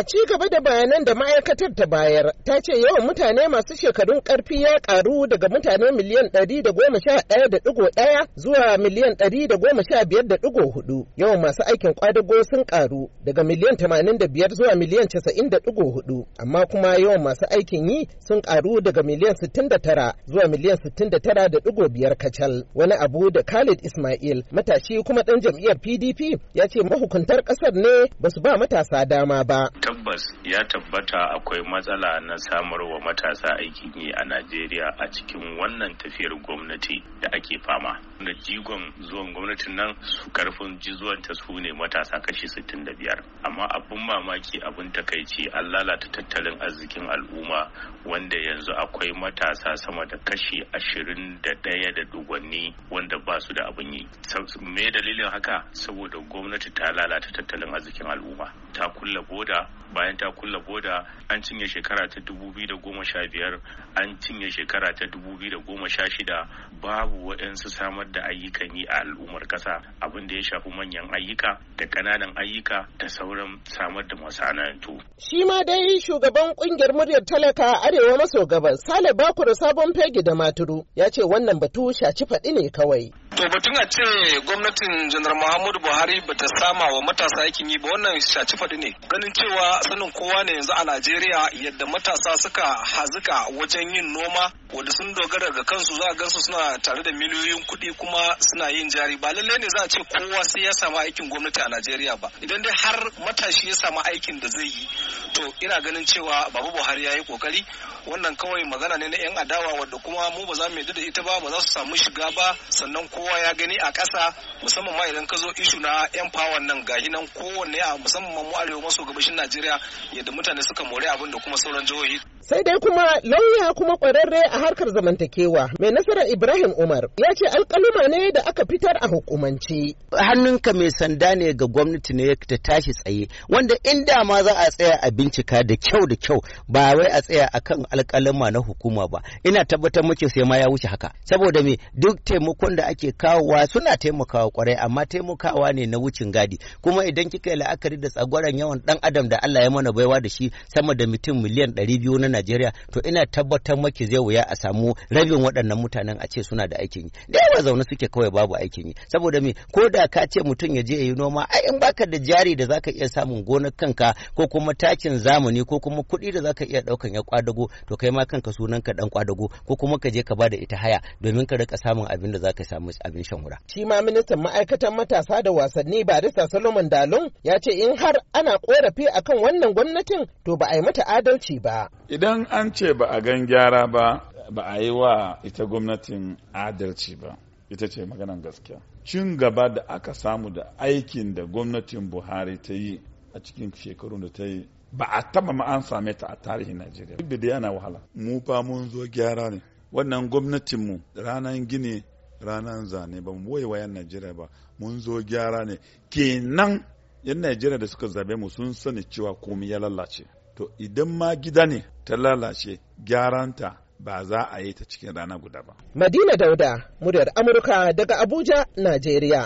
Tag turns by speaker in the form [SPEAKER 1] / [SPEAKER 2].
[SPEAKER 1] A ci gaba da bayanan da ma'aikatar ta bayar, ta ce yawan mutane masu shekarun ƙarfi ya ƙaru daga mutane miliyan ɗari da goma sha ɗaya da ɗigo ɗaya zuwa miliyan ɗari da goma sha biyar da ɗigo hudu. Yawan masu aikin ƙwadago sun ƙaru daga miliyan tamanin da biyar zuwa miliyan casa'in da ɗigo hudu. Amma kuma yawan masu aikin yi sun ƙaru daga miliyan sittin da tara zuwa miliyan sittin da tara da ɗigo biyar kacal. Wani abu da Khalid Ismail matashi kuma ɗan jam'iyyar PDP ya ce mahukuntar ƙasar ne ba su ba matasa dama ba.
[SPEAKER 2] tabbas ya tabbata akwai matsala na samar wa matasa aikin yi a Najeriya a cikin wannan tafiyar gwamnati da ake fama. Da jigon zuwan gwamnatin nan su karfin ji jizuwanta su ne matasa kashi 65. Amma abin mamaki abin takaici an lalata tattalin arzikin al'umma wanda yanzu akwai matasa sama da kashi ashirin da ɗaya da dugwanni wanda ba su da abin yi me dalilin haka saboda gwamnati ta lalata tattalin arzikin al'umma ta kulla boda bayan ta kulla boda an cinye shekara ta dubu biyu da goma sha biyar an cinye shekara ta dubu biyu da goma sha shida babu waɗansu samar da ayyukan yi a al'ummar ƙasa abin da ya shafi manyan ayyuka da ƙananan ayyuka da sauran samar da masana'antu.
[SPEAKER 1] shi ma dai shugaban ƙungiyar muryar talaka arewa arewa maso gabas sale da sabon fegi da maturu ya ce wannan batu shaci faɗi ne kawai
[SPEAKER 3] to batun a ce gwamnatin janar muhammadu buhari ba ta sama wa matasa aikin yi ba wannan shaci faɗi ne ganin cewa sanin kowa ne yanzu a najeriya yadda matasa suka hazuka wajen yin noma wanda sun dogara ga kansu za a gansu suna tare da miliyoyin kuɗi kuma suna yin jari ba lallai ne za a ce kowa sai ya samu aikin gwamnati a najeriya ba idan dai har matashi ya samu aikin da zai yi to ina ganin cewa babu buhari ya yi kokari wannan kawai magana ne na yan adawa wadda kuma mu ba za mu yadda da ita ba ba za su samu shiga ba sannan kowa ya gani a ƙasa musamman ma idan ka zo ishu na yan fawon nan gahi nan kowanne a musamman mu arewa maso gabashin Najeriya yadda mutane suka more abin da kuma sauran jihohi
[SPEAKER 1] Sai dai kuma lauya kuma kwararre a harkar zamantakewa mai nasarar Ibrahim Umar ya ce alkaluma ne da aka fitar a hukumance.
[SPEAKER 4] Hannunka mai sanda ne ga gwamnati ne ta tashi tsaye wanda inda ma za a tsaya a bincika da kyau da kyau ba wai a tsaya a kan alkaluma na hukuma ba ina tabbatar muke sai ma ya wuce haka saboda me duk taimakon da ake kawowa suna taimakawa kwarai amma taimakawa ne na wucin gadi kuma idan kika yi la'akari da tsagwaron yawan dan adam da Allah ya mana baiwa da shi sama da mutum miliyan 200 na Najeriya to ina tabbatar maki zai wuya a samu rabin waɗannan mutanen a ce suna da aikin yi da yawa zaune suke kawai babu aikin yi saboda me ko da ka ce mutum ya je ya yi noma ai in baka da jari da zaka iya samun gonar kanka ko kuma takin zamani ko kuma kuɗi da zaka iya ɗaukan ya kwadago to kai ma kanka sunan ka dan kwadago ko kuma ka je ka bada ita haya domin ka rika samun abin da zaka samu abin shan hura
[SPEAKER 1] shi ma ministan ma'aikatan matasa da wasanni barista Solomon Dalon ya ce in har ana korafi akan wannan gwamnatin to ba a yi mata adalci ba
[SPEAKER 5] idan an ce ba a gan gyara ba ba a yi wa ita gwamnatin adalci ba ita ce maganan gaskiya cin gaba da aka samu da aikin da gwamnatin buhari ta yi a cikin shekarun da ta yi ba a taba ma an same ta a tarihin najeriya duk da yana wahala mu fa mun zo gyara ne wannan gwamnatinmu ranar gini ranar zane ba mu boye wayan najeriya ba mun zo gyara ne kenan yan najeriya da suka zabe mu sun sani cewa komai ya lalace to idan ma gida ne ta lalace gyaranta ba za a yi ta cikin rana guda ba.
[SPEAKER 1] Madina Dauda, muryar Amurka daga Abuja, Najeriya.